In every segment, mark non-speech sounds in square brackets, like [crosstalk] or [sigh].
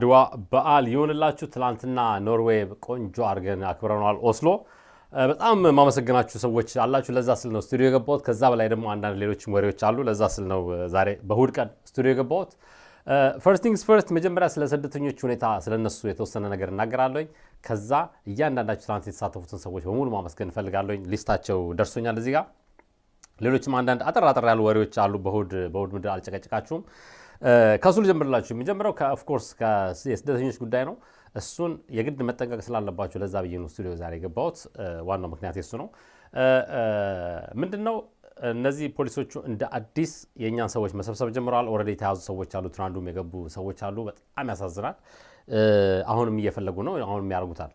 አድዋ በዓል ይሆንላችሁ። ትላንትና ኖርዌይ ቆንጆ አድርገን አክብረነዋል ኦስሎ። በጣም ማመሰግናችሁ ሰዎች አላችሁ። ለዛ ስል ነው ስቱዲዮ የገባሁት። ከዛ በላይ ደግሞ አንዳንድ ሌሎችም ወሬዎች አሉ። ለዛ ስል ነው ዛሬ በእሁድ ቀን ስቱዲዮ የገባሁት። ፈርስት ቲንግስ ፈርስት፣ መጀመሪያ ስለ ስደተኞች ሁኔታ ስለነሱ የተወሰነ ነገር እናገራለኝ። ከዛ እያንዳንዳችሁ ትናንት የተሳተፉትን ሰዎች በሙሉ ማመስገን እንፈልጋለኝ። ሊስታቸው ደርሶኛል እዚህ ጋር። ሌሎችም አንዳንድ አጠር አጠር ያሉ ወሬዎች አሉ። በእሁድ በእሁድ ምድር አልጨቀጭቃችሁም። ከእሱ ልጀምርላችሁ። የሚጀምረው ኦፍኮርስ የስደተኞች ጉዳይ ነው። እሱን የግድ መጠንቀቅ ስላለባቸው ለዛ ብዬ ነው ስቱዲዮ ዛሬ የገባሁት። ዋናው ምክንያት የሱ ነው። ምንድን ነው እነዚህ ፖሊሶቹ እንደ አዲስ የእኛን ሰዎች መሰብሰብ ጀምረዋል። ኦልሬዲ የተያዙ ሰዎች አሉ፣ ትናንዱም የገቡ ሰዎች አሉ። በጣም ያሳዝናል። አሁንም እየፈለጉ ነው፣ አሁንም ያደርጉታል።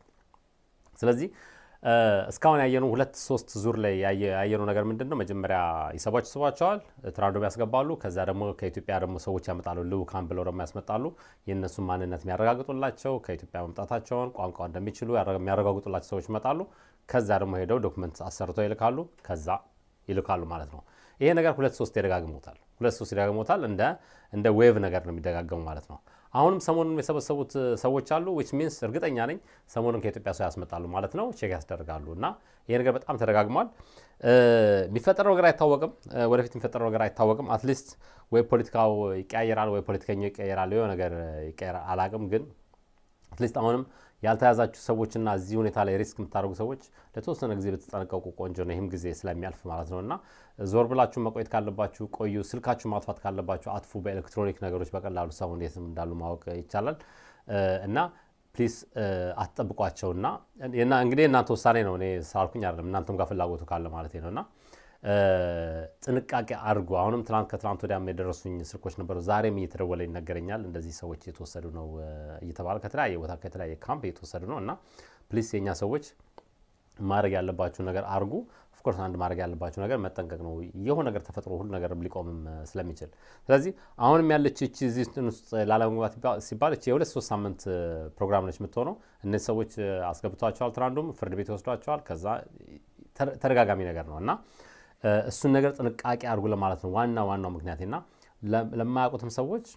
ስለዚህ እስካሁን ያየነው ሁለት ሶስት ዙር ላይ ያየነው ነገር ምንድን ነው? መጀመሪያ ይሰቧች ስቧቸዋል ትራዶ ያስገባሉ። ከዛ ደግሞ ከኢትዮጵያ ደግሞ ሰዎች ያመጣሉ፣ ልዑካን ብለው ደግሞ ያስመጣሉ። የእነሱን ማንነት የሚያረጋግጡላቸው ከኢትዮጵያ መምጣታቸውን ቋንቋ እንደሚችሉ የሚያረጋግጡላቸው ሰዎች ይመጣሉ። ከዛ ደግሞ ሄደው ዶክመንት አሰርተው ይልካሉ፣ ከዛ ይልካሉ ማለት ነው። ይሄ ነገር ሁለት ሶስት ይደጋግሙታል፣ ሁለት ሶስት ይደጋግሙታል። እንደ ዌቭ ነገር ነው የሚደጋገሙ ማለት ነው። አሁንም ሰሞኑን የሰበሰቡት ሰዎች አሉ ዊች ሚንስ እርግጠኛ ነኝ ሰሞኑን ከኢትዮጵያ ሰው ያስመጣሉ ማለት ነው፣ ቼክ ያስደርጋሉ እና ይሄ ነገር በጣም ተደጋግሟል። የሚፈጠረው ነገር አይታወቅም፣ ወደፊት የሚፈጠረው ነገር አይታወቅም። አትሊስት ወይ ፖለቲካው ይቀያየራል ወይ ፖለቲከኛው ይቀያየራል፣ የሆነ ነገር ይቀያየራል። አላቅም ግን አትሊስት አሁንም ያልተያዛችሁ ሰዎችና እዚህ ሁኔታ ላይ ሪስክ የምታደርጉ ሰዎች ለተወሰነ ጊዜ ብትጠነቀቁ ቆንጆ ነው። ይህም ጊዜ ስለሚያልፍ ማለት ነው እና ዞር ብላችሁ መቆየት ካለባችሁ ቆዩ። ስልካችሁ ማጥፋት ካለባችሁ አጥፉ። በኤሌክትሮኒክ ነገሮች በቀላሉ ሰው እንዴት እንዳሉ ማወቅ ይቻላል እና ፕሊስ አትጠብቋቸውና እንግዲህ እናንተ ውሳኔ ነው። እኔ ስላልኩኝ አይደለም እናንተም ጋር ፍላጎቱ ካለ ማለት ነው እና ጥንቃቄ አድርጎ አሁንም ትናንት ከትናንት ወዲያም የደረሱኝ ስልኮች ነበሩ። ዛሬም እየተደወለ ይነገረኛል እንደዚህ ሰዎች እየተወሰዱ ነው እየተባለ ከተለያየ ቦታ ከተለያየ ካምፕ እየተወሰዱ ነው እና ፕሊስ የኛ ሰዎች ማድረግ ያለባችሁ ነገር አድርጉ። ኦፍኮርስ አንድ ማድረግ ያለባችሁ ነገር መጠንቀቅ ነው። የሆነ ነገር ተፈጥሮ ሁሉ ነገር ሊቆምም ስለሚችል ስለዚህ አሁንም ያለች እቺ እዚህ ውስጥ ላለመግባት ሲባል እቺ የሁለት ሶስት ሳምንት ፕሮግራም ነች የምትሆነው። እነዚህ ሰዎች አስገብቷቸዋል፣ ትናንዱም ፍርድ ቤት ይወስዷቸዋል። ከዛ ተደጋጋሚ ነገር ነው እና እሱን ነገር ጥንቃቄ አድርጉ ለማለት ነው ዋና ዋናው ና ለማያውቁትም ሰዎች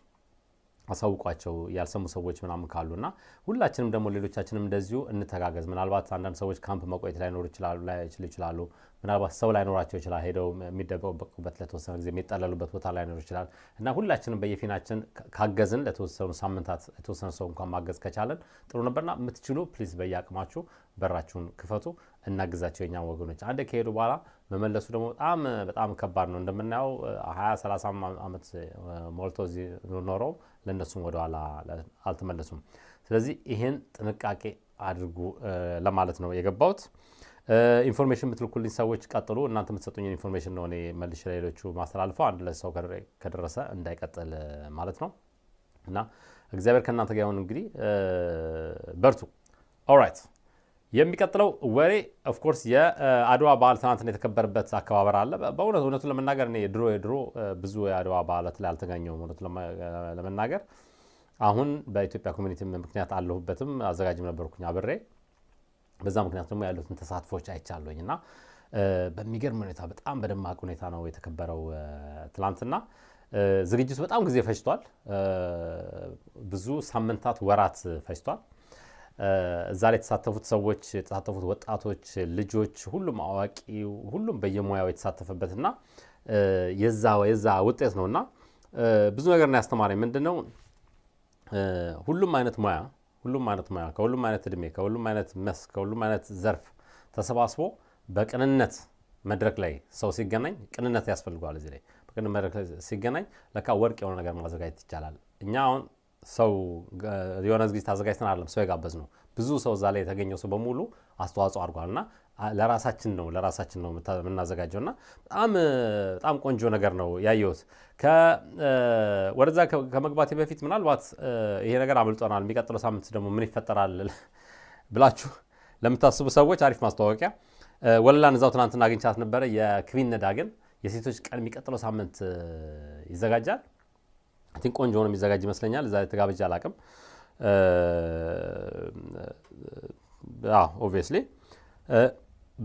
አሳውቋቸው ያልሰሙ ሰዎች ምናምን ካሉ እና ሁላችንም ደግሞ ሌሎቻችንም እንደዚሁ እንተጋገዝ። ምናልባት አንዳንድ ሰዎች ካምፕ መቆየት ላይኖሩ ይችሉ ይችላሉ። ምናልባት ሰው ላይኖራቸው ይችላል። ሄደው የሚደበቁበት ለተወሰነ ጊዜ የሚጠለሉበት ቦታ ላይኖር ይችላል እና ሁላችንም በየፊናችን ካገዝን ለተወሰኑ ሳምንታት የተወሰነ ሰው እንኳን ማገዝ ከቻለን ጥሩ ነበርና የምትችሉ ፕሊዝ በየአቅማችሁ በራችሁን ክፈቱ፣ እናግዛቸው የኛ ወገኖች አንድ ከሄዱ በኋላ መመለሱ ደግሞ በጣም በጣም ከባድ ነው። እንደምናየው 20 30 ዓመት ሞልቶ ኖረው ለእነሱም ወደኋላ አልተመለሱም። ስለዚህ ይህን ጥንቃቄ አድርጉ ለማለት ነው የገባሁት። ኢንፎርሜሽን የምትልኩልኝ ሰዎች ቀጥሉ። እናንተ የምትሰጡኝን ኢንፎርሜሽን ነው እኔ መልሽ ለሌሎቹ ማስተላልፈው አንድ ለሰው ከደረሰ እንዳይቀጥል ማለት ነው እና እግዚአብሔር ከእናንተ ጋር ይሁን። እንግዲህ በርቱ። ኦራይት የሚቀጥለው ወሬ ኦፍኮርስ የአድዋ በዓል ትናንትና የተከበረበት አከባበር አለ። በእውነት እውነቱን ለመናገር እኔ ድሮ የድሮ ብዙ የአድዋ በዓላት ላይ አልተገኘሁም። እውነቱን ለመናገር አሁን በኢትዮጵያ ኮሚኒቲ ምክንያት አለሁበትም አዘጋጅም ነበርኩኝ አብሬ። በዛ ምክንያት ደግሞ ያሉትን ተሳትፎች አይቻለኝ እና በሚገርም ሁኔታ በጣም በደማቅ ሁኔታ ነው የተከበረው ትላንትና። ዝግጅቱ በጣም ጊዜ ፈጅቷል። ብዙ ሳምንታት፣ ወራት ፈጅቷል። እዛ ላይ የተሳተፉት ሰዎች የተሳተፉት ወጣቶች፣ ልጆች፣ ሁሉም አዋቂው፣ ሁሉም በየሙያው የተሳተፈበትና የዛ የዛ ውጤት ነው እና ብዙ ነገር ና ያስተማረኝ። ምንድን ነው ሁሉም አይነት ሙያ ሁሉም አይነት ሙያ ከሁሉም አይነት እድሜ ከሁሉም አይነት መስክ ከሁሉም አይነት ዘርፍ ተሰባስቦ በቅንነት መድረክ ላይ ሰው ሲገናኝ ቅንነት ያስፈልገዋል። እዚህ ላይ በቅንነት መድረክ ላይ ሲገናኝ ለካ ወርቅ የሆነ ነገር ማዘጋጀት ይቻላል። እኛ አሁን ሰው የሆነ ዝግጅት አዘጋጅተን አለም ሰው የጋበዝ ነው። ብዙ ሰው እዛ ላይ የተገኘው ሰው በሙሉ አስተዋጽኦ አድርጓል እና ለራሳችን ነው ለራሳችን ነው የምናዘጋጀው እና በጣም በጣም ቆንጆ ነገር ነው ያየሁት። ወደዛ ከመግባት በፊት ምናልባት ይሄ ነገር አምልጦናል፣ የሚቀጥለው ሳምንት ደግሞ ምን ይፈጠራል [laughs] ብላችሁ ለምታስቡ ሰዎች አሪፍ ማስታወቂያ ወለላን እዛው ትናንትና አግኝቻት ነበረ። የክቢን ነዳ ግን የሴቶች ቀን የሚቀጥለው ሳምንት ይዘጋጃል። ቲንክ ቆንጆ ሆኖ የሚዘጋጅ ይመስለኛል። እዛ የተጋበጀ አላቅም። ኦብቪየስሊ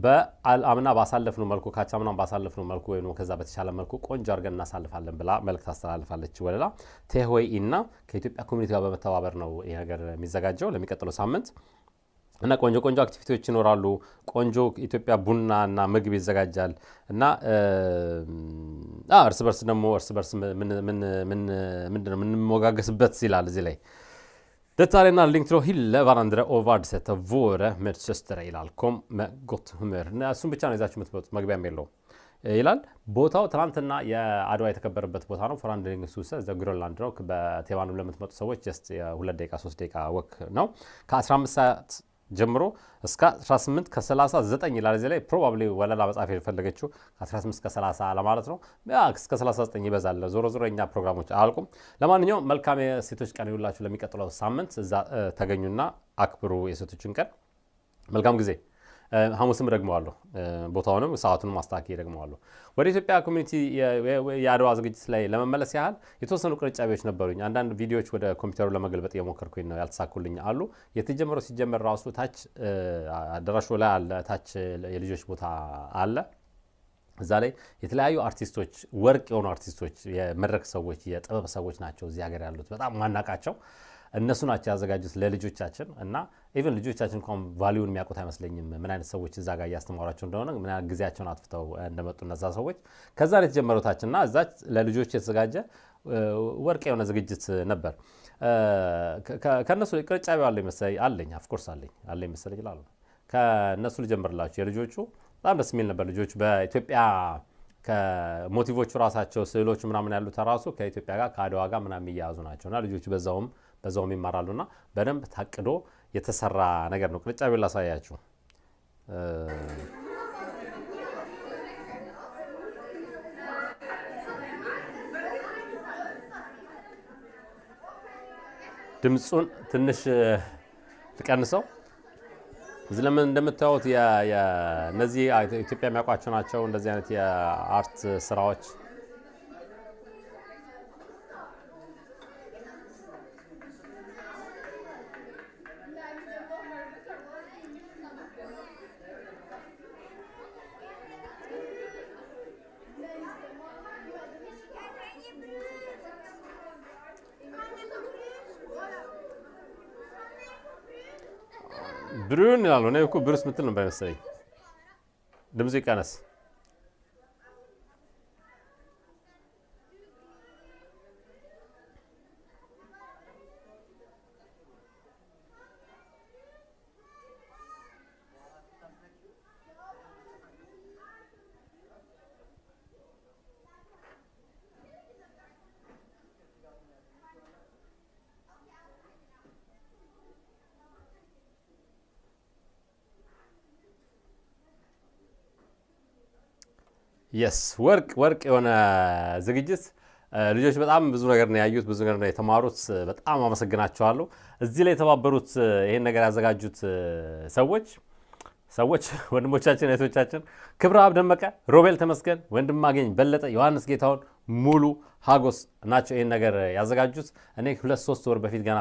በአምና ባሳለፍነው መልኩ ካቻምና ባሳለፍነው መልኩ ወይም ከዛ በተሻለ መልኩ ቆንጆ አድርገን እናሳልፋለን ብላ መልእክት አስተላልፋለች። ወለላ ቴህወይ ኢና ከኢትዮጵያ ኮሚኒቲ ጋር በመተባበር ነው ይህ ነገር የሚዘጋጀው ለሚቀጥለው ሳምንት እና ቆንጆ ቆንጆ አክቲቪቲዎች ይኖራሉ። ቆንጆ ኢትዮጵያ ቡና እና ምግብ ይዘጋጃል እና እርስ በርስ ደግሞ እርስ በርስ ምንድነው የምንሞጋገስበት ይላል እዚህ ላይ Detta ሊንክትሮ ሂለ ቫራንድረ ኦቫድ ሰተ ቮረ መድሰስተረ och värdesätta våra medsystrar ይላል። Kom med gott humör. ብቻ ነው ይዛችሁ የምትመጡት መግቢያ የለው ይላል። ቦታው ትናንትና የአድዋ የተከበረበት ቦታ ነው። ፎራንድ ሊንግሱሰ ዘ ግሮንላንድ ነው። በቴባንም ለምትመጡ ሰዎች ስ ሁለት ደቂቃ ሶስት ደቂቃ ወክ ነው ከ15 ሰዓት ጀምሮ እስከ 18 ከ39 ይላል። እዚህ ላይ ፕሮባብሊ ወለላ መጻፍ የፈለገችው ከ18 እስከ 30 ለማለት ነው። እስከ 39 ይበዛል። ዞሮ ዞሮ እኛ ፕሮግራሞች አያልቁም። ለማንኛውም መልካም የሴቶች ቀን ይውላችሁ። ለሚቀጥለው ሳምንት እዛ ተገኙና አክብሩ የሴቶችን ቀን። መልካም ጊዜ ሐሙስም ደግመዋለሁ። ቦታውንም ሰዓቱንም አስተካክዬ ደግመዋለሁ። ወደ ኢትዮጵያ ኮሚኒቲ የአድዋ ዝግጅት ላይ ለመመለስ ያህል የተወሰኑ ቅርጫቤዎች ነበሩኝ። አንዳንድ ቪዲዮዎች ወደ ኮምፒውተሩ ለመገልበጥ የሞከርኩኝ ነው፣ ያልተሳኩልኝ አሉ። የተጀመረው ሲጀመር ራሱ ታች አዳራሹ ላይ አለ፣ ታች የልጆች ቦታ አለ። እዛ ላይ የተለያዩ አርቲስቶች ወርቅ የሆኑ አርቲስቶች፣ የመድረክ ሰዎች፣ የጥበብ ሰዎች ናቸው እዚህ ሀገር ያሉት በጣም ማናቃቸው እነሱ ናቸው ያዘጋጁት ለልጆቻችን እና ኢቨን ልጆቻችን እንኳን ቫሊዩን የሚያውቁት አይመስለኝም። ምን አይነት ሰዎች እዛ ጋር እያስተማሯቸው እንደሆነ ምን አይነት ጊዜያቸውን አጥፍተው እንደመጡ እነዛ ሰዎች ከዛ ነው የተጀመረው ታች እና እዛ ለልጆች የተዘጋጀ ወርቅ የሆነ ዝግጅት ነበር። ከእነሱ ቅርጫቢ አለ መሰለኝ አለኝ፣ ኦፍኮርስ አለኝ አለ መሰለኝ ይላሉ። ከእነሱ ልጀምርላቸው። የልጆቹ በጣም ደስ የሚል ነበር። ልጆቹ በኢትዮጵያ ከሞቲቮቹ ራሳቸው ስዕሎቹ ምናምን ያሉት ራሱ ከኢትዮጵያ ጋር ከአድዋ ጋር ምናምን እያያዙ ናቸው እና ልጆቹ በዛውም በዛውም ይማራሉና በደንብ ታቅዶ የተሰራ ነገር ነው። ቅርጫ ቤት ላሳያችሁ። ድምፁን ትንሽ ትቀንሰው። እዚህ ለምን እንደምታዩት እነዚህ ኢትዮጵያ የሚያውቋቸው ናቸው። እንደዚህ አይነት የአርት ስራዎች ብሩን ይላሉ። እኔ እኮ ብሩስ ምትል ነው ባይመስለኝ። ድምፅ ይቀነስ። የስ ወርቅ ወርቅ የሆነ ዝግጅት ልጆች በጣም ብዙ ነገር ነው ያዩት፣ ብዙ ነገር ነው የተማሩት። በጣም አመሰግናቸዋለሁ። እዚህ ላይ የተባበሩት ይሄን ነገር ያዘጋጁት ሰዎች ሰዎች ወንድሞቻችን፣ እህቶቻችን ክብረአብ ደመቀ፣ ሮቤል ተመስገን፣ ወንድማገኝ በለጠ፣ ዮሐንስ ጌታሁን፣ ሙሉ ሀጎስ ናቸው ይህን ነገር ያዘጋጁት። እኔ ሁለት ሶስት ወር በፊት ገና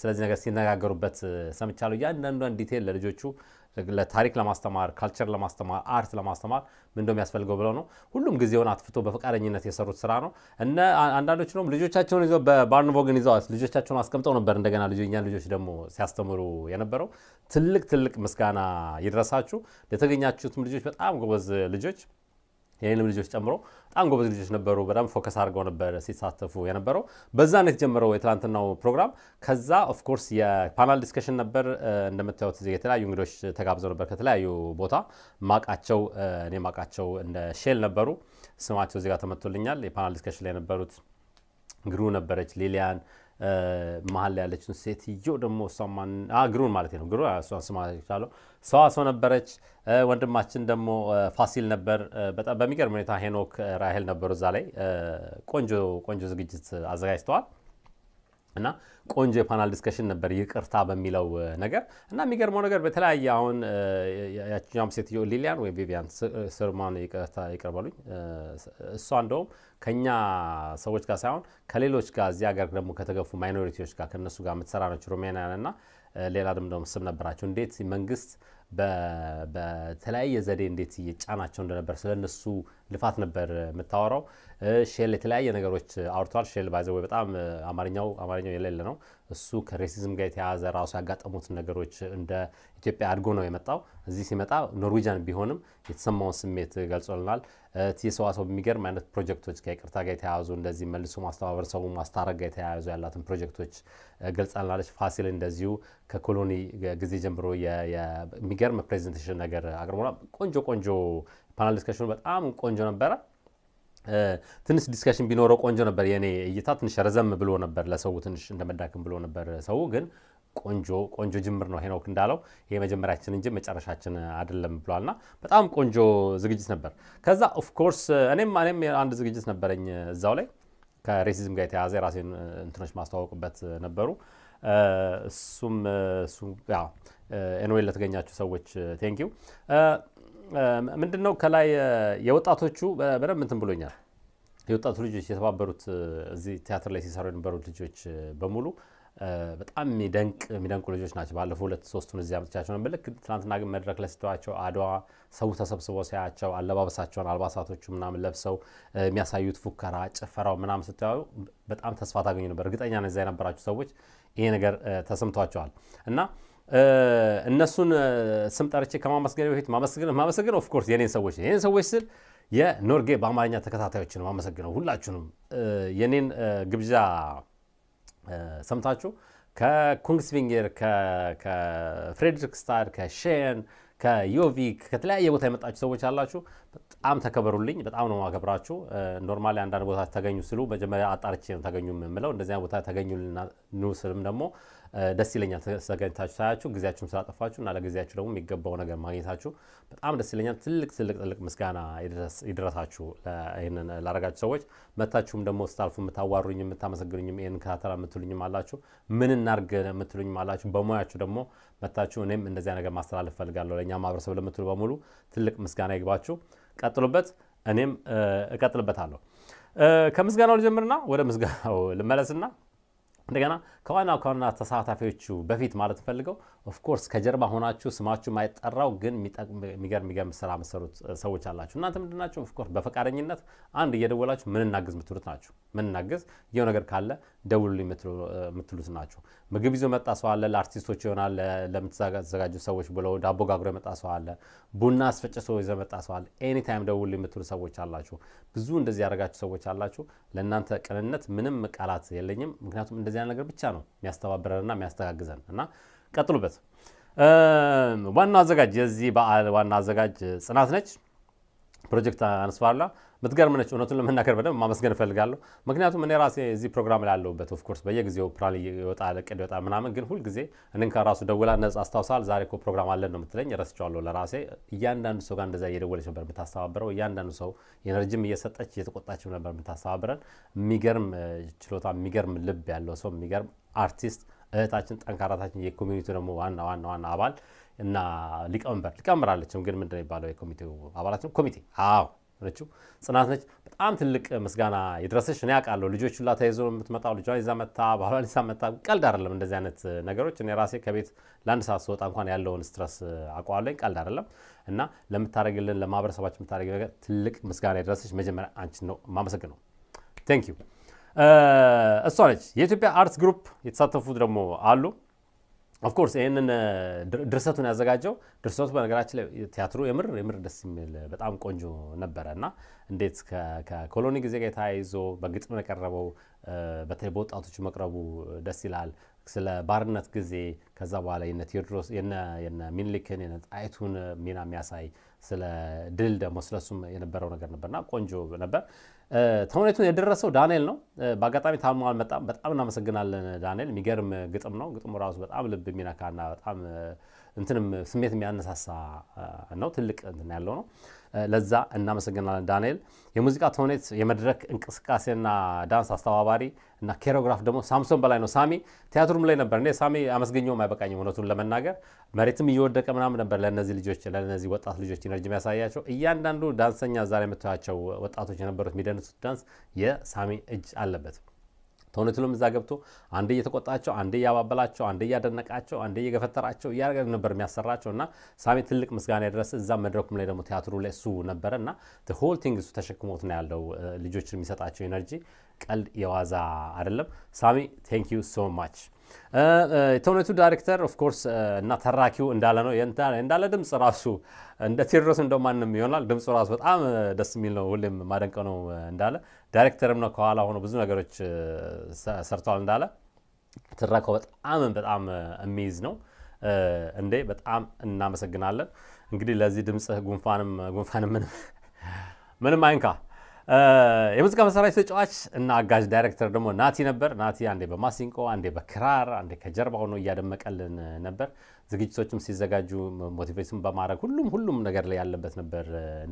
ስለዚህ ነገር ሲነጋገሩበት ሰምቻለሁ። እያንዳንዷን ዲቴል ለልጆቹ ታሪክ ለማስተማር ካልቸር ለማስተማር አርት ለማስተማር ምን ያስፈልገው ብለው ነው። ሁሉም ጊዜውን አትፍቶ በፈቃደኝነት የሰሩት ስራ ነው። እነ አንዳንዶች ደግሞ ልጆቻቸውን ይዘው በባርንቮግን ይዘዋት ልጆቻቸውን አስቀምጠው ነበር። እንደገና ልጆኛ ልጆች ደግሞ ሲያስተምሩ የነበረው ትልቅ ትልቅ ምስጋና ይድረሳችሁ። ለተገኛችሁትም ልጆች በጣም ጎበዝ ልጆች የኔንም ልጆች ጨምሮ በጣም ጎበዝ ልጆች ነበሩ። በጣም ፎከስ አድርገው ነበር ሲሳተፉ የነበረው። በዛ ነው የተጀመረው የትላንትናው ፕሮግራም። ከዛ ኦፍኮርስ የፓናል ዲስከሽን ነበር። እንደምታዩት የተለያዩ እንግዶች ተጋብዘው ነበር ከተለያዩ ቦታ ማቃቸው እኔ ማቃቸው እንደ ሼል ነበሩ። ስማቸው እዚጋ ተመቶልኛል። የፓናል ዲስከሽን ላይ የነበሩት ግሩ ነበረች፣ ሊሊያን መሀል ላይ ያለችን ሴትዮ ደግሞ ግሩን ማለት ነው። ግሩ እሷን ስማ ይቻለው ነበረች። ወንድማችን ደግሞ ፋሲል ነበር። በጣም በሚገርም ሁኔታ ሄኖክ ራሄል ነበሩ እዛ ላይ ቆንጆ ቆንጆ ዝግጅት አዘጋጅተዋል። እና ቆንጆ የፓናል ዲስከሽን ነበር ይቅርታ በሚለው ነገር እና የሚገርመው ነገር በተለያየ አሁን ያችኛም ሴትዮ ሊሊያን ወይም ቪቪያን ስርማን ይቅርታ ይቅርበሉኝ እሷ እንደውም ከኛ ሰዎች ጋር ሳይሆን ከሌሎች ጋር እዚህ ሀገር ደግሞ ከተገፉ ማይኖሪቲዎች ጋር ከነሱ ጋር የምትሰራ ነች ሮሜኒያን እና ሌላ ደግሞ ስም ነበራቸው እንዴት መንግስት በተለያየ ዘዴ እንዴት እየጫናቸው እንደነበር ስለነሱ ልፋት ነበር የምታወራው። ሼል የተለያየ ነገሮች አውርተዋል። ሼል ባይዘወይ በጣም አማርኛው አማርኛው የሌለ ነው። እሱ ከሬሲዝም ጋር የተያያዘ ራሱ ያጋጠሙትን ነገሮች እንደ ኢትዮጵያ አድጎ ነው የመጣው። እዚህ ሲመጣ ኖርዊጃን ቢሆንም የተሰማውን ስሜት ገልጾልናል። ቲሰዋሰው የሚገርም አይነት ፕሮጀክቶች ከይቅርታ ጋር የተያያዙ እንደዚህ መልሶ ማስተባበር ሰው ማስታረግ ጋር የተያያዙ ያላትን ፕሮጀክቶች ገልጻልናለች። ፋሲል እንደዚሁ ከኮሎኒ ጊዜ ጀምሮ የሚገርም ፕሬዘንቴሽን ነገር አቅርቦናል። ቆንጆ ቆንጆ ፓናል ዲስከሽኑ በጣም ቆንጆ ነበረ። ትንሽ ዲስከሽን ቢኖረው ቆንጆ ነበር። የኔ እይታ ትንሽ ረዘም ብሎ ነበር፣ ለሰው ትንሽ እንደመዳክም ብሎ ነበር። ሰው ግን ቆንጆ ቆንጆ ጅምር ነው ሄኖክ እንዳለው ይሄ መጀመሪያችን እንጂ መጨረሻችን አይደለም ብሏልና በጣም ቆንጆ ዝግጅት ነበር። ከዛ ኦፍኮርስ እኔም እኔም አንድ ዝግጅት ነበረኝ እዛው ላይ ከሬሲዝም ጋር የተያዘ የራሴን እንትኖች ማስተዋወቅበት ነበሩ። እሱም ኤንዌል ለተገኛችሁ ሰዎች ቴንኪው። ምንድን ነው ከላይ የወጣቶቹ በደንብ እንትን ብሎኛል። የወጣቱ ልጆች የተባበሩት እዚህ ቲያትር ላይ ሲሰሩ የነበሩት ልጆች በሙሉ በጣም የሚደንቅ የሚደንቁ ልጆች ናቸው። ባለፉ ሁለት ሶስቱን እዚህ አምጥቻቸው ነበር። ልክ ትናንትና ግን መድረክ ላይ ስተዋቸው አድዋ ሰው ተሰብስቦ ሲያያቸው አለባበሳቸውን፣ አልባሳቶቹ ምናምን ለብሰው የሚያሳዩት ፉከራ፣ ጭፈራው ምናምን ስታዩ በጣም ተስፋ ታገኙ ነበር። እርግጠኛ ነው ነዛ የነበራችሁ ሰዎች ይሄ ነገር ተሰምቷቸዋል እና እነሱን ስም ጠርቼ ከማመስገን በፊት ማመሰግነው ኦፍኮርስ የኔን ሰዎች የኔን ሰዎች ስል የኖርጌ በአማርኛ ተከታታዮችን ማመሰግነው ሁላችሁንም የኔን ግብዣ ሰምታችሁ ከፍሬድሪክ ከፍሬድሪክስታድ ከሼን ከዮቪ ከተለያየ ቦታ የመጣችሁ ሰዎች አላችሁ። በጣም ተከበሩልኝ። በጣም ነው ማከብራችሁ። ኖርማሊ አንዳንድ ቦታ ተገኙ ስሉ መጀመሪያ አጣርቼ ነው ተገኙ የምለው። እንደዚያ ቦታ ተገኙ ስልም ደግሞ ደስ ይለኛል ተገኝታችሁ ሳያችሁ ጊዜያችሁን ስላጠፋችሁ እና ለጊዜያችሁ ደግሞ የሚገባው ነገር ማግኘታችሁ በጣም ደስ ይለኛል። ትልቅ ትልቅ ትልቅ ምስጋና ይድረሳችሁ ይህንን ላረጋችሁ ሰዎች። መታችሁም ደግሞ ስታልፉ የምታዋሩኝ የምታመሰግኑኝም ይህን ከታተራ የምትሉኝም አላችሁ፣ ምን እናርግ የምትሉኝም አላችሁ። በሙያችሁ ደግሞ መታችሁ እኔም እንደዚያ ነገር ማስተላለፍ ፈልጋለሁ ለእኛ ማህበረሰብ ለምትሉ በሙሉ ትልቅ ምስጋና ይግባችሁ። ቀጥሉበት፣ እኔም እቀጥልበታለሁ። ከምስጋናው ልጀምርና ወደ ምስጋናው ልመለስና እንደገና ከዋና ከዋና ተሳታፊዎቹ በፊት ማለት ፈልገው ኦፍኮርስ ከጀርባ ሆናችሁ ስማችሁ ማይጠራው ግን የሚገርም የሚገርም ስራ መሰሩት ሰዎች አላችሁ። እናንተ ምንድን ናቸው? ኦፍኮርስ በፈቃደኝነት አንድ እየደወላችሁ ምንናግዝ ምትሉት ናችሁ። ምንናግዝ ይኸው ነገር ካለ ደውሉ የምትሉት ናቸው። ምግብ ይዞ መጣ ሰው አለ፣ ለአርቲስቶች ይሆናል ለምትዘጋጁ ሰዎች ብለው ዳቦ ጋግሮ የመጣ ሰው አለ፣ ቡና አስፈጭ ሰው ይዘ መጣ ሰው አለ። ኤኒታይም ደውሉ የምትሉ ሰዎች አላችሁ። ብዙ እንደዚህ ያደረጋችሁ ሰዎች አላችሁ። ለእናንተ ቅንነት ምንም ቃላት የለኝም። ምክንያቱም እንደዚህ አይነት ነገር ብቻ ነው የሚያስተባብረንና የሚያስተጋግዘን እና ቀጥሉበት። ዋና አዘጋጅ የዚህ በዓል ዋና አዘጋጅ ጽናት ነች። ፕሮጀክት አንስፋላ ምትገርም ነች። እውነቱን ለመናገር በደንብ ማመስገን እፈልጋለሁ። ምክንያቱም እኔ ራሴ እዚህ ፕሮግራም ላይ ያለሁበት ኦፍኮርስ በየጊዜው ፕራል ይወጣል፣ እቅድ ይወጣል ምናምን፣ ግን ሁልጊዜ እኔን ከራሱ ደውላ ነጽ አስታውሳል። ዛሬ እኮ ፕሮግራም አለን ነው የምትለኝ። ረስቸዋለሁ ለራሴ። እያንዳንዱ ሰው ጋር እንደዛ እየደወለች ነበር የምታስተባብረው። እያንዳንዱ ሰው ኤነርጂም እየሰጠች እየተቆጣችም ነበር የምታስተባብረን። የሚገርም ችሎታ፣ የሚገርም ልብ ያለው ሰው፣ የሚገርም አርቲስት እህታችን፣ ጠንካራታችን፣ የኮሚኒቲ ደግሞ ዋና ዋና ዋና አባል እና ሊቀመንበር ሊቀመንበር አለችም ግን ምንድን ነው የሚባለው የኮሚቴው አባላችን ኮሚቴ አዎ ነችው ጽናት ነች። በጣም ትልቅ ምስጋና ይድረስሽ። እኔ ያውቃለሁ ልጆች ሁላ ተይዞ የምትመጣው ልጇን ይዛ መታ ባህሏን ይዛ መታ፣ ቀልድ አይደለም እንደዚህ አይነት ነገሮች። እኔ ራሴ ከቤት ለአንድ ሰዓት ስወጣ እንኳን ያለውን ስትረስ አውቀዋለኝ። ቀልድ አይደለም እና ለምታደርግልን ለማህበረሰባችን የምታደርግ ነገር ትልቅ ምስጋና ይድረስሽ። መጀመሪያ አንቺ ነው የማመሰግነው። ቴንክ ዩ። እሷ ነች የኢትዮጵያ አርት ግሩፕ የተሳተፉት ደግሞ አሉ ኦፍኮርስ ይህንን ድርሰቱን ያዘጋጀው ድርሰቱ በነገራችን ላይ ቲያትሩ የምር የምር ደስ የሚል በጣም ቆንጆ ነበረ እና እንዴት ከኮሎኒ ጊዜ ጋር የተያይዞ በግጥም የቀረበው በተለይ በወጣቶቹ መቅረቡ ደስ ይላል። ስለ ባርነት ጊዜ ከዛ በኋላ የነ ቴዎድሮስ የነ ሚኒሊክን የነ ጣይቱን ሚና የሚያሳይ ስለ ድል ደግሞ ስለሱም የነበረው ነገር ነበርና ቆንጆ ነበር። ተውኔቱን የደረሰው ዳንኤል ነው። በአጋጣሚ ታሞ አልመጣም። በጣም እናመሰግናለን ዳንኤል። የሚገርም ግጥም ነው። ግጥሙ ራሱ በጣም ልብ የሚነካና በጣም እንትንም ስሜት የሚያነሳሳ ነው። ትልቅ እንትን ያለው ነው። ለዛ እናመሰግናለን ዳንኤል። የሙዚቃ ተውኔት የመድረክ እንቅስቃሴና ዳንስ አስተባባሪ እና ኬሮግራፍ ደግሞ ሳምሶን በላይ ነው። ሳሚ ቲያትሩም ላይ ነበር እ ሳሚ አመስገኘውም አይበቃኝም እውነቱን ለመናገር መሬትም እየወደቀ ምናምን ነበር። ለእነዚህ ልጆች ለእነዚህ ወጣት ልጆች ኢነርጂ የሚያሳያቸው እያንዳንዱ ዳንሰኛ ዛሬ የምታያቸው ወጣቶች የነበሩት የሚደንሱት ዳንስ የሳሚ እጅ አለበት። ተውነትሎም እዛ ገብቶ አንዴ እየተቆጣቸው፣ አንዴ እያባበላቸው፣ አንዴ እያደነቃቸው፣ አንዴ እየገፈተራቸው እያደረገ ነበር የሚያሰራቸው እና ሳሚ ትልቅ ምስጋና ያደረሰ እዛ መድረኩም ላይ ደግሞ ቲያትሩ ላይ እሱ ነበረ እና ሆል ቲንግ እሱ ተሸክሞት ነው ያለው። ልጆችን የሚሰጣቸው ኤነርጂ ቀልድ የዋዛ አይደለም። ሳሚ ቴንክ ዩ ሶ ማች የተውነቱ ዳይሬክተር ኦፍኮርስ እና ተራኪው እንዳለ ነው እንዳለ ድምፅ ራሱ እንደ ቴዎድሮስ ማንም ይሆናል። ድምፁ ራሱ በጣም ደስ የሚል ነው። ሁሌም ማደንቀ ነው እንዳለ ዳይሬክተርም ነው። ከኋላ ሆኖ ብዙ ነገሮች ሰርተዋል እንዳለ ትረካው በጣም በጣም የሚይዝ ነው። እንዴ በጣም እናመሰግናለን። እንግዲህ ለዚህ ድምፅ ጉንፋንም ምንም አይንካ። የሙዚቃ መሳሪያ ተጫዋች እና አጋዥ ዳይሬክተር ደግሞ ናቲ ነበር። ናቲ አንዴ በማሲንቆ አንዴ በክራር አንዴ ከጀርባ ሆኖ እያደመቀልን ነበር። ዝግጅቶችም ሲዘጋጁ ሞቲቬሽን በማድረግ ሁሉም ሁሉም ነገር ላይ ያለበት ነበር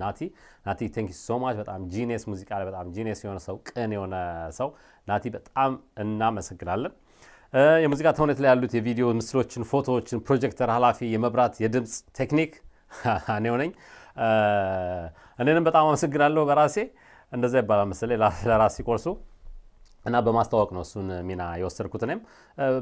ናቲ። ናቲ ቴንክ ሶ ማች። በጣም ጂኒየስ ሙዚቃ ላይ በጣም ጂኒየስ የሆነ ሰው፣ ቅን የሆነ ሰው ናቲ፣ በጣም እናመሰግናለን። የሙዚቃ ተውኔት ላይ ያሉት የቪዲዮ ምስሎችን፣ ፎቶዎችን፣ ፕሮጀክተር ኃላፊ፣ የመብራት የድምፅ ቴክኒክ [laughs] እኔው ነኝ። እኔንም በጣም አመሰግናለሁ በራሴ እንደዛ ይባላል መሰለኝ ለራስ ሲቆርሱ እና በማስተዋወቅ ነው እሱን ሚና የወሰድኩት። እኔም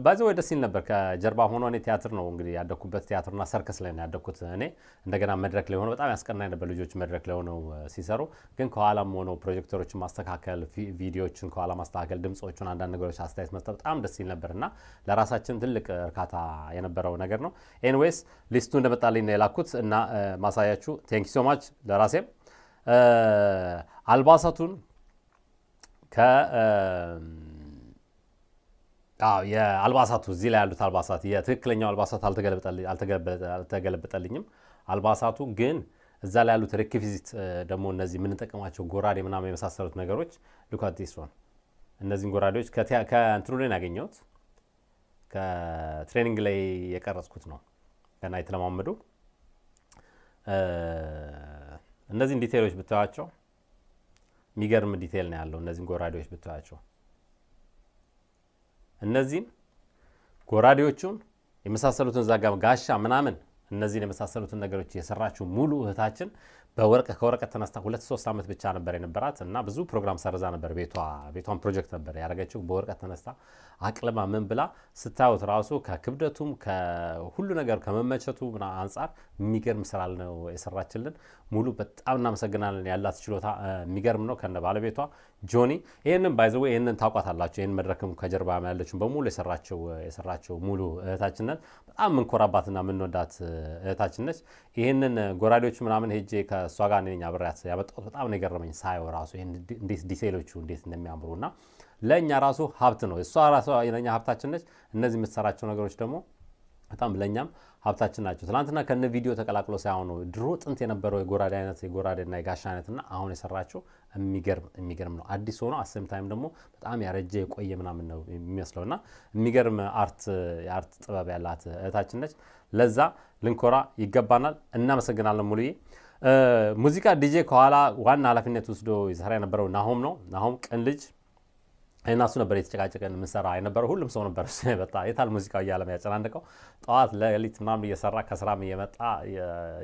ባዚ ወይ ደስ ይል ነበር ከጀርባ ሆኖ እኔ ቲያትር ነው እንግዲህ ያደግኩበት ቲያትርና ሰርከስ ላይ ነው ያደግኩት እኔ። እንደገና መድረክ ላይ ሆኖ በጣም ያስቀናኝ ነበር ልጆች መድረክ ላይ ሆነው ሲሰሩ፣ ግን ከኋላም ሆኖ ፕሮጀክተሮችን ማስተካከል፣ ቪዲዮዎችን ከኋላ ማስተካከል፣ ድምፆቹን፣ አንዳንድ ነገሮች አስተያየት መስጠት በጣም ደስ ይል ነበር እና ለራሳችን ትልቅ እርካታ የነበረው ነገር ነው። ኤንዌይስ ሊስቱ እንደመጣልኝ ነው የላኩት እና ማሳያችሁ። ቴንክ ሶ ማች ለራሴም አልባሳቱን የአልባሳቱ እዚህ ላይ ያሉት አልባሳት የትክክለኛው አልባሳት አልተገለበጠልኝም። አልባሳቱ ግን እዛ ላይ ያሉት ሬክቪዚት ደግሞ እነዚህ የምንጠቀማቸው ጎራዴ ምናምን የመሳሰሉት ነገሮች ሉካቴስ ሆን እነዚህን ጎራዴዎች ከእንትኑ ላይ ያገኘሁት ከትሬኒንግ ላይ የቀረጽኩት ነው ገና የተለማመዱ እነዚህን ዲቴሎች ብታዋቸው የሚገርም ዲቴል ነው ያለው። እነዚህን ጎራዴዎች ብታዋቸው እነዚህን ጎራዴዎቹን የመሳሰሉትን ዛጋ ጋሻ ምናምን እነዚህን የመሳሰሉትን ነገሮች የሰራችው ሙሉ እህታችን በወርቅ ከወረቀት ተነስታ ሁለት ሶስት ዓመት ብቻ ነበር የነበራት እና ብዙ ፕሮግራም ሰርዛ ነበር። ቤቷን ፕሮጀክት ነበር ያደረገችው። በወርቀት ተነስታ አቅልማ ምን ብላ ስታዩት ራሱ ከክብደቱም ከሁሉ ነገር ከመመቸቱ አንጻር የሚገርም ስራ ነው የሰራችልን። ሙሉ በጣም እናመሰግናለን። ያላት ችሎታ የሚገርም ነው ከነ ባለቤቷ ጆኒ ይህንን ባይዘው ይህንን ታውቋታላችሁ። ይህን መድረክም ከጀርባ ያለችን በሙሉ የሰራቸው ሙሉ እህታችን ናት። በጣም ምንኮራባትና ምንወዳት እህታችን ነች። ይህንን ጎራዴዎች ምናምን ሄጄ ከእሷ ጋር ነኝ አብሬያት ያመጣሁት በጣም ነው የገረመኝ ሳየው ራሱ እንዴት ዲቴይሎቹ እንዴት እንደሚያምሩ እና ለእኛ ራሱ ሀብት ነው። እሷ ራሷ ለእኛ ሀብታችን ነች። እነዚህ የምትሰራቸው ነገሮች ደግሞ በጣም ለእኛም ሀብታችን ናቸው። ትናንትና ከነ ቪዲዮ ተቀላቅሎ ሳይሆኑ ድሮ ጥንት የነበረው የጎራዴ አይነት የጎራዴና የጋሻ አይነትና አሁን የሰራቸው የሚገርም ነው። አዲስ ሆኖ አስም ታይም ደግሞ በጣም ያረጀ የቆየ ምናምን ነው የሚመስለው እና የሚገርም አርት የአርት ጥበብ ያላት እህታችን ነች። ለዛ ልንኮራ ይገባናል። እናመሰግናለን ሙሉዬ። ሙዚቃ ዲጄ ከኋላ ዋና ኃላፊነት ወስዶ የሰራ የነበረው ናሆም ነው። ናሆም ቅን ልጅ እናሱ ነበር የተጨቃጨቀን የምንሰራ የነበረ ሁሉም ሰው ነበር በጣ የታል ሙዚቃው እያለም ያጨናንቀው ጠዋት ለሊት ምናምን እየሰራ ከስራም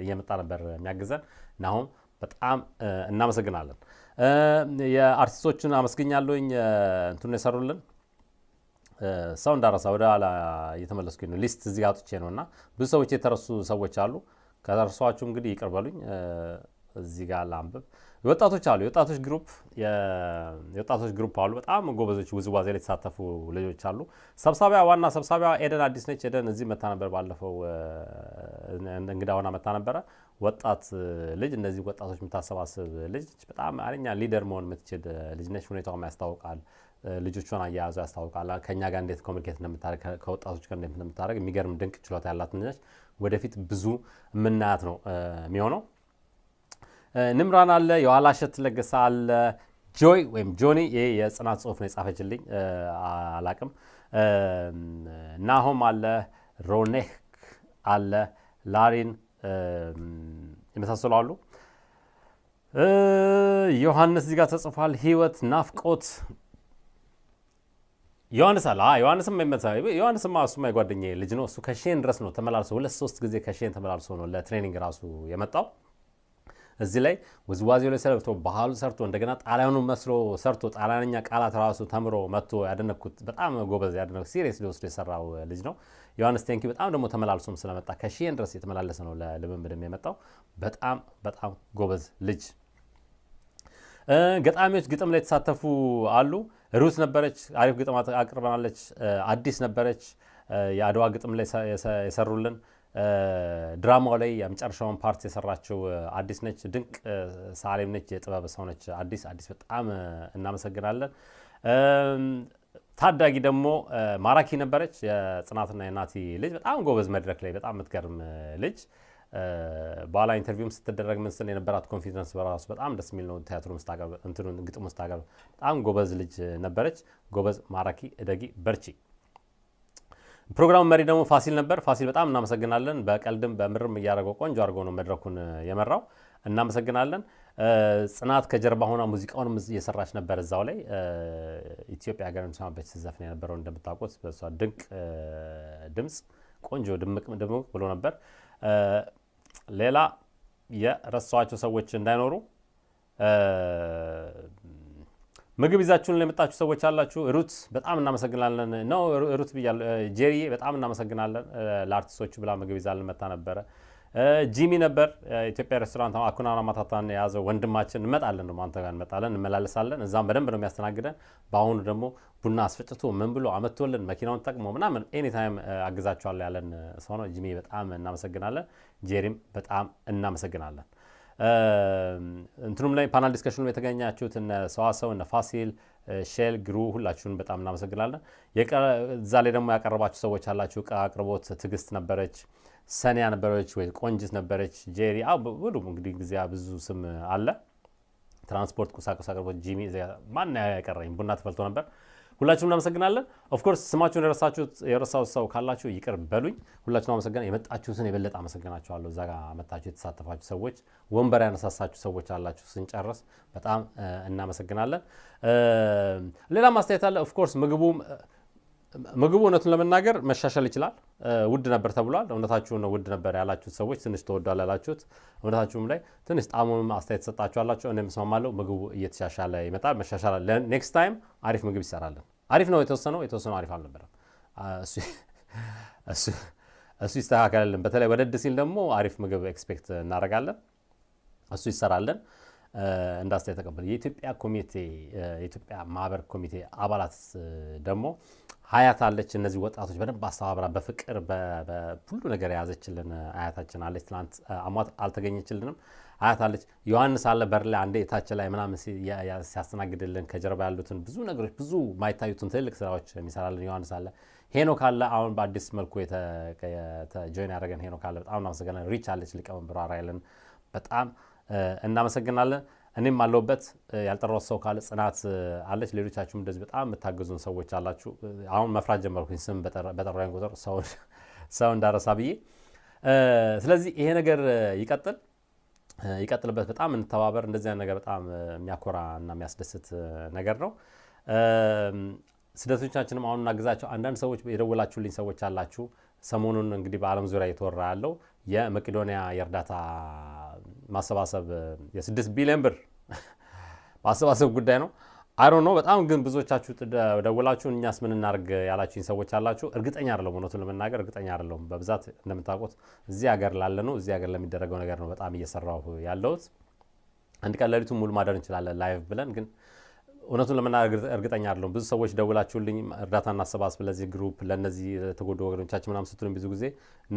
እየመጣ ነበር የሚያግዘን። እናሁም በጣም እናመሰግናለን። የአርቲስቶችን አመስግኛለኝ እንትን የሰሩልን ሰው እንዳረሳ ወደ ኋላ እየተመለስኩኝ ነው። ሊስት እዚህ አውጥቼ ነው እና ብዙ ሰዎች የተረሱ ሰዎች አሉ። ከተረሷችሁ እንግዲህ ይቅርበሉኝ በሉኝ። እዚህ ጋር ላንብብ የወጣቶች አሉ። የወጣቶች ግሩፕ የወጣቶች ግሩፕ አሉ። በጣም ጎበዞች ውዝዋዜ ላይ የተሳተፉ ልጆች አሉ። ሰብሳቢያ ዋና ሰብሳቢያ ኤደን አዲስ ነች። ኤደን እዚህ መታ ነበር፣ ባለፈው እንግዳ ሆና መታ ነበረ። ወጣት ልጅ እነዚህ ወጣቶች የምታሰባስብ ልጅ በጣም አለኛ ሊደር መሆን የምትችል ልጅ ነች። ሁኔታውም ያስታውቃል። ልጆቿን አያያዙ ያስታውቃል። ከእኛ ጋር እንዴት ኮሚኒኬት እንደምታደርግ ከወጣቶች ጋር እንደምታደርግ የሚገርም ድንቅ ችሎታ ያላት ነች። ወደፊት ብዙ የምናያት ነው የሚሆነው። ንምራን አለ፣ የኋላሸት ለገሳ አለ፣ ጆይ ወይም ጆኒ ይሄ የጽናት ጽሁፍ ነው የጻፈችልኝ አላቅም። ናሆም አለ፣ ሮኔክ አለ፣ ላሪን የመሳሰሉ አሉ። ዮሐንስ እዚህ ጋር ተጽፏል። ህይወት ናፍቆት ዮሐንስ አለ ዮሐንስም ዮሐንስ እሱ የጓደኛዬ ልጅ ነው። እሱ ከሼን ድረስ ነው ተመላልሶ ሁለት ሶስት ጊዜ ከሼን ተመላልሶ ነው ለትሬኒንግ ራሱ የመጣው። እዚህ ላይ ውዝዋዜው ላይ ሰለብቶ ባህሉ ሰርቶ እንደገና ጣሊያኑ መስሎ ሰርቶ ጣሊያንኛ ቃላት ራሱ ተምሮ መጥቶ ያደነኩት በጣም ጎበዝ ያደነ ሲሪየስ ሊወስዶ የሰራው ልጅ ነው ዮሐንስ ቴንኪ። በጣም ደግሞ ተመላልሶም ስለመጣ ከሺን ድረስ የተመላለሰ ነው ለልምምድም የመጣው በጣም በጣም ጎበዝ ልጅ። ገጣሚዎች ግጥም ላይ የተሳተፉ አሉ። ሩት ነበረች፣ አሪፍ ግጥም አቅርበናለች። አዲስ ነበረች፣ የአድዋ ግጥም ላይ የሰሩልን ድራማው ላይ የመጨረሻውን ፓርት የሰራችው አዲስ ነች። ድንቅ ሳሌም ነች፣ የጥበብ ሰው ነች። አዲስ አዲስ በጣም እናመሰግናለን። ታዳጊ ደግሞ ማራኪ ነበረች፣ የጽናትና የናቲ ልጅ በጣም ጎበዝ፣ መድረክ ላይ በጣም የምትገርም ልጅ። በኋላ ኢንተርቪውም ስትደረግ ምን ስን የነበራት ኮንፊደንስ በራሱ በጣም ደስ የሚል ነው። ቲያትሩ ግጥሙ ስታገብ በጣም ጎበዝ ልጅ ነበረች። ጎበዝ ማራኪ እደጊ በርቺ ፕሮግራሙ መሪ ደግሞ ፋሲል ነበር። ፋሲል በጣም እናመሰግናለን። በቀልድም በምርም እያደረገው ቆንጆ አድርጎ ነው መድረኩን የመራው። እናመሰግናለን። ጽናት ከጀርባ ሆና ሙዚቃውንም እየሰራች ነበር። እዛው ላይ ኢትዮጵያ ሀገር ሰማበች ስዘፍን የነበረው እንደምታውቁት በእሷ ድንቅ ድምፅ ቆንጆ ድምቅ ድምቅ ብሎ ነበር። ሌላ የረሷቸው ሰዎች እንዳይኖሩ ምግብ ይዛችሁን ለመጣችሁ ሰዎች አላችሁ። ሩት በጣም እናመሰግናለን። ነው ሩት ብያለሁ። ጄሪ በጣም እናመሰግናለን ለአርቲስቶቹ ብላ ምግብ ይዛልን መታ ነበረ። ጂሚ ነበር ኢትዮጵያ ሬስቶራንት አኩና ማታታን የያዘው ወንድማችን። እንመጣለን ደግሞ አንተ ጋር እንመጣለን፣ እንመላለሳለን። እዛም በደንብ ነው የሚያስተናግደን። በአሁኑ ደግሞ ቡና አስፈጭቶ ምን ብሎ አመቶልን መኪናውን ጠቅሞ ምናምን ኤኒታይም አግዛቸዋለሁ ያለን ሰው ነው ጂሚ። በጣም እናመሰግናለን። ጄሪም በጣም እናመሰግናለን። እንትኑም ላይ ፓናል ዲስከሽኑ ላይ የተገኛችሁት እነ ሰዋሰው እነ ፋሲል ሼል ግሩ ሁላችሁን በጣም እናመሰግናለን። እዛ ላይ ደግሞ ያቀረባችሁ ሰዎች አላችሁ። አቅርቦት ትግስት ነበረች፣ ሰኒያ ነበረች፣ ወይ ቆንጅት ነበረች፣ ጄሪ ሁሉ እንግዲህ ጊዜ ብዙ ስም አለ። ትራንስፖርት፣ ቁሳቁስ አቅርቦት፣ ጂሚ ማን ያቀረኝ ቡና ተፈልቶ ነበር ሁላችሁም እናመሰግናለን። ኦፍኮርስ ስማችሁን የረሳችሁት የረሳው ሰው ካላችሁ ይቅር በሉኝ። ሁላችሁም አመሰግና የመጣችሁትን የበለጠ አመሰግናችኋለሁ። እዛ ጋር መጣችሁ የተሳተፋችሁ ሰዎች፣ ወንበር ያነሳሳችሁ ሰዎች አላችሁ። ስንጨርስ በጣም እናመሰግናለን። ሌላ ማስተያየት አለ። ኦፍኮርስ ምግቡም ምግቡ እውነቱን ለመናገር መሻሻል ይችላል። ውድ ነበር ተብሏል። እውነታችሁ ነው፣ ውድ ነበር ያላችሁት ሰዎች ትንሽ ተወዷል ያላችሁት፣ እውነታችሁም ላይ ትንሽ ጣሙንም አስተያየት ሰጣችሁ ያላችሁ፣ እኔም ምግቡ እየተሻሻለ ይመጣል፣ መሻሻል። ለኔክስት ታይም አሪፍ ምግብ ይሰራለን። አሪፍ ነው የተወሰነው፣ የተወሰነው አሪፍ አልነበረም። [laughs] እሱ ይስተካከልልን። በተለይ ወደድ ሲል ደግሞ አሪፍ ምግብ ኤክስፔክት እናደርጋለን። እሱ ይሰራለን። እንደ አስተያየት ተቀበለ። የኢትዮጵያ ኮሚቴ የኢትዮጵያ ማህበር ኮሚቴ አባላት ደግሞ ሀያት አለች። እነዚህ ወጣቶች በደንብ አስተባብራ በፍቅር ሁሉ ነገር የያዘችልን አያታችን አለች። ትናንት አሟት አልተገኘችልንም። አያት አለች። ዮሐንስ አለ በር ላይ አንዴ የታች ላይ ምናምን ሲያስተናግድልን ከጀርባ ያሉትን ብዙ ነገሮች ብዙ ማይታዩትን ትልልቅ ስራዎች የሚሰራልን ዮሐንስ አለ። ሄኖክ አለ። አሁን በአዲስ መልኩ ጆይን ያደረገን ሄኖክ አለ። በጣም እናመሰግናለን። ሪች አለች ሊቀመንበሯ ራይልን በጣም እናመሰግናለን። እኔም አለሁበት ያልጠራሁት ሰው ካለ ጽናት አለች። ሌሎቻችሁም እንደዚህ በጣም የምታገዙን ሰዎች አላችሁ። አሁን መፍራት ጀመርኩኝ ስም በጠራኝ ቁጥር ሰው እንዳረሳ ብዬ። ስለዚህ ይሄ ነገር ይቀጥል ይቀጥልበት፣ በጣም እንተባበር። እንደዚህ ነገር በጣም የሚያኮራ እና የሚያስደስት ነገር ነው። ስደተኞቻችንም አሁን እናግዛቸው። አንዳንድ ሰዎች የደወላችሁልኝ ሰዎች አላችሁ። ሰሞኑን እንግዲህ በዓለም ዙሪያ የተወራ ያለው የመቄዶንያ የእርዳታ ማሰባሰብ የስድስት ቢሊዮን ብር [laughs] ማሰባሰብ ጉዳይ ነው። አይሮ ነው በጣም ግን ብዙዎቻችሁ ደውላችሁ እኛስ ምን እናርግ ያላችሁኝ ሰዎች አላችሁ። እርግጠኛ አይደለሁም፣ እውነቱን ለመናገር እርግጠኛ አይደለሁም። በብዛት እንደምታውቁት እዚህ ሀገር ላለ ነው እዚህ ሀገር ለሚደረገው ነገር ነው በጣም እየሰራሁ ያለሁት። አንድ ቀን ሌሊቱን ሙሉ ማደር እንችላለን ላይቭ ብለን ግን እውነቱን ለመናገር እርግጠኛ አይደለሁም። ብዙ ሰዎች ደውላችሁልኝ እርዳታ እናሰባስብ ለዚህ ግሩፕ ለእነዚህ ተጎዱ ወገኖቻችን ምናምን ስትሉኝ ብዙ ጊዜ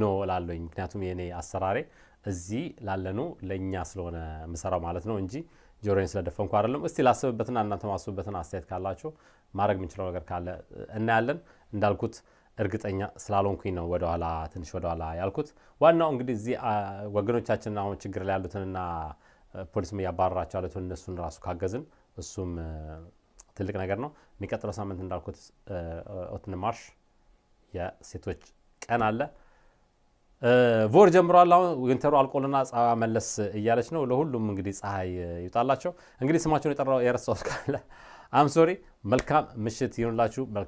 ኖ እላለሁኝ። ምክንያቱም የኔ አሰራሬ እዚህ ላለኑ ለእኛ ስለሆነ ምሰራው ማለት ነው እንጂ ጆሮዬን ስለደፈንኩ አይደለም። እስቲ ላስብበትና እናንተ ማስብበትን አስተያየት ካላችሁ ማድረግ የምንችለው ነገር ካለ እናያለን። እንዳልኩት እርግጠኛ ስላልሆንኩኝ ነው ወደኋላ ትንሽ ወደኋላ ያልኩት። ዋናው እንግዲህ እዚህ ወገኖቻችን አሁን ችግር ላይ ያሉትንና ፖሊስም እያባረራቸው ያሉትን እነሱን ራሱ ካገዝን እሱም ትልቅ ነገር ነው። የሚቀጥለው ሳምንት እንዳልኩት ኦትን ማርሽ የሴቶች ቀን አለ። ቮር ጀምሯል። አሁን ዊንተሩ አልቆልና ፀሐይ መለስ እያለች ነው። ለሁሉም እንግዲህ ፀሐይ ይውጣላቸው። እንግዲህ ስማቸውን የጠራው የረሳት ካለ አምሶሪ። መልካም ምሽት ይሁንላችሁ።